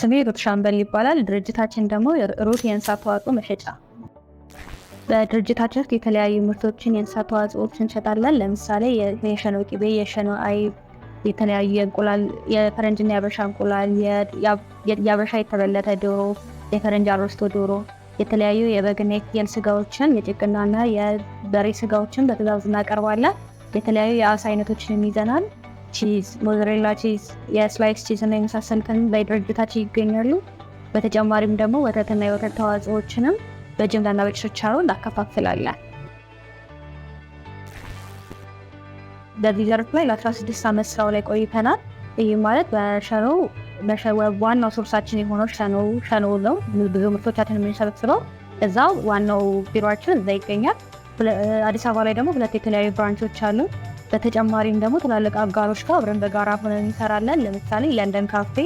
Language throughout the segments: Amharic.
ስሜ ሩት ሻምበል ይባላል። ድርጅታችን ደግሞ ሩት የእንስሳት ተዋጽኦ መሸጫ። በድርጅታችን ውስጥ የተለያዩ ምርቶችን የእንስሳት ተዋጽኦዎችን እንሸጣለን። ለምሳሌ የሸኖ ቂቤ፣ የሸኖ አይብ፣ የተለያዩ የእንቁላል የፈረንጅና የአበሻ እንቁላል፣ የአበሻ የተበለተ ዶሮ፣ የፈረንጅ አሮስቶ ዶሮ፣ የተለያዩ የበግና የፍየል ስጋዎችን፣ የጭቅናና የበሬ ስጋዎችን በትእዛዝ እናቀርባለን። የተለያዩ የአሳ አይነቶችን ይዘናል። ቺዝ፣ ሞዘሬላ ቺዝ፣ የስላይስ ቺዝ እና የመሳሰሉትን በድርጅታችን ይገኛሉ። በተጨማሪም ደግሞ ወተትና የወተት ተዋጽኦዎችንም በጅምላና በችርቻሮ እናከፋፍላለን። በዚህ ዘርፍ ላይ ለ16 ዓመት ስራው ላይ ቆይተናል። ይህ ማለት በሸኖ ዋናው ሶርሳችን የሆነው ሸኖ ነው። ብዙ ምርቶቻችን የምንሰበስበው እዛው ዋናው ቢሮችን እዛ ይገኛል። አዲስ አበባ ላይ ደግሞ ሁለት የተለያዩ ብራንቾች አሉ። በተጨማሪም ደግሞ ትላልቅ አጋሮች ጋር አብረን በጋራ ሆነን እንሰራለን። ለምሳሌ ለንደን ካፌ፣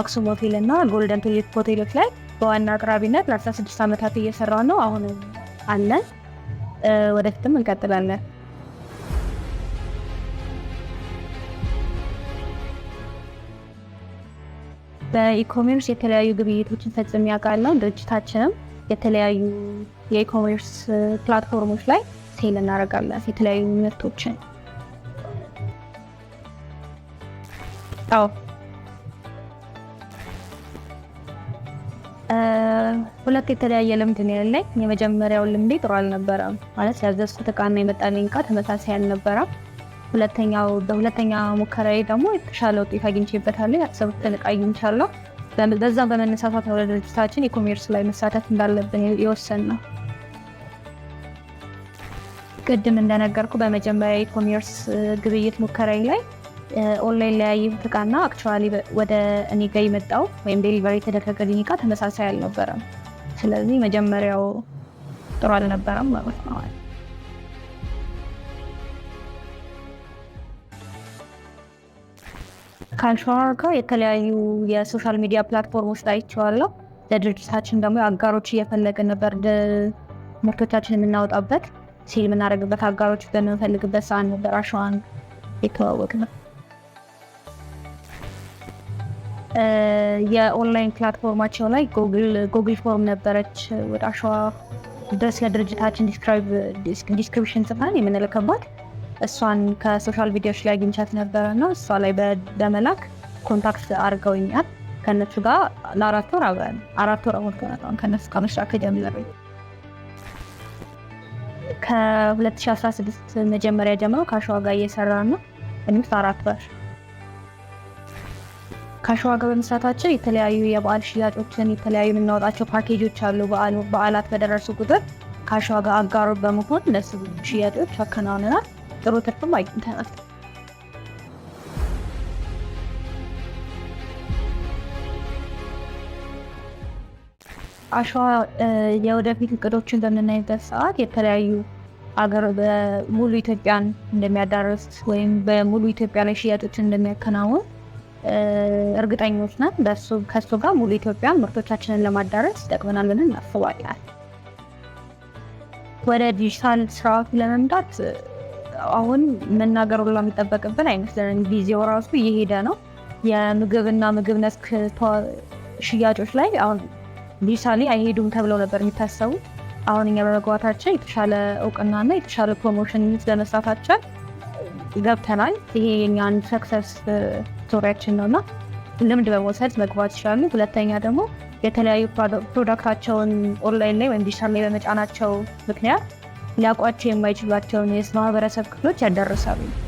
አክሱም ሆቴል እና ጎልደን ሆቴሎች ላይ በዋና አቅራቢነት ለ16 ዓመታት እየሰራ ነው። አሁን አለን፣ ወደፊትም እንቀጥላለን። በኢኮሜርስ የተለያዩ ግብይቶችን ፈጽሜ አውቃለሁ። ድርጅታችንም የተለያዩ የኢኮሜርስ ፕላትፎርሞች ላይ ሴል እናደርጋለን የተለያዩ ምርቶችን ሁለት የተለያየ ልምድ ነው ያለኝ። የመጀመሪያው ልምዴ ጥሩ አልነበረም። ማለት ያዘዝኩት እቃና የመጣልኝ እቃ ተመሳሳይ አልነበረም። ሁለተኛው በሁለተኛ ሙከራዬ ደግሞ የተሻለ ውጤት አግኝቼበታለሁ። ያሰብኩትን እቃ አግኝቻለሁ። በዛም በመነሳሳት ነው ለድርጅታችን የኮሜርስ ላይ መሳተፍ እንዳለብን የወሰን ነው። ቅድም እንደነገርኩ በመጀመሪያ የኮሜርስ ግብይት ሙከራዬ ላይ ኦንላይን ላይ እቃና አክቹዋሊ ወደ እኔ ጋር የመጣው ወይም ዴሊቨሪ የተደረገልኝ እቃ ተመሳሳይ አልነበረም። ስለዚህ መጀመሪያው ጥሩ አልነበረም ማለት ነው። ካልሻዋር ጋር የተለያዩ የሶሻል ሚዲያ ፕላትፎርሞች ላይ ይችዋለሁ። ለድርጅታችን ደግሞ አጋሮች እየፈለግን ነበር። ምርቶቻችን የምናወጣበት ሲል የምናደርግበት አጋሮች በምንፈልግበት ሰዓት ነበር አሸዋን የተዋወቅ ነው። የኦንላይን ፕላትፎርማቸው ላይ ጎግል ፎርም ነበረች። ወደ አሸዋ ድረስ ለድርጅታችን ዲስክሪፕሽን ጽፈን የምንልክባት እሷን ከሶሻል ሚዲያዎች ላይ አግኝቻት ነበረ እና እሷ ላይ በመላክ ኮንታክት አድርገውኛል። ከነሱ ጋር ለአራት ወር አብረን አራት ወር አሁን ከነሱ ጋር መስራት ከጀመረ ከ2016 መጀመሪያ ጀምሮ ከአሸዋ ጋር እየሰራ ነው። እኔም አራት ወር ከሸዋ ጋር በመስራታችን የተለያዩ የበዓል ሽያጮችን የተለያዩ የምናወጣቸው ፓኬጆች አሉ። በዓላት በደረሱ ቁጥር ከሸዋ ጋር አጋሩ በመሆን ለሱ ሽያጮች አከናውነናል። ጥሩ ትርፍም አግኝተናል። አሸዋ የወደፊት እቅዶችን በምናይበት ሰዓት የተለያዩ አገር በሙሉ ኢትዮጵያን እንደሚያዳርስ ወይም በሙሉ ኢትዮጵያ ላይ ሽያጮችን እንደሚያከናውን እርግጠኞች ነን ከሱ ጋር ሙሉ ኢትዮጵያ ምርቶቻችንን ለማዳረስ ይጠቅመናል ብለን እናስባለን። ወደ ዲጂታል ስርዓቱ ለመምጣት አሁን መናገሩ የሚጠበቅብን አይመስለን። ጊዜው ራሱ እየሄደ ነው። የምግብና ምግብ ነክ ሽያጮች ላይ አሁን ዲጂታሊ አይሄዱም ተብለው ነበር የሚታሰቡ አሁን እኛ በመግባታችን የተሻለ እውቅናና የተሻለ ፕሮሞሽን ለመስራታችን ገብተናል። ይሄ አንድ ሰክሰስ ስቶሪያችን ነውና ልምድ በመውሰድ መግባት ይችላሉ። ሁለተኛ ደግሞ የተለያዩ ፕሮዳክታቸውን ኦንላይን ላይ ወይም ዲጂታል ላይ በመጫናቸው ምክንያት ሊያውቋቸው የማይችሏቸውን የማህበረሰብ ክፍሎች ያዳርሳሉ።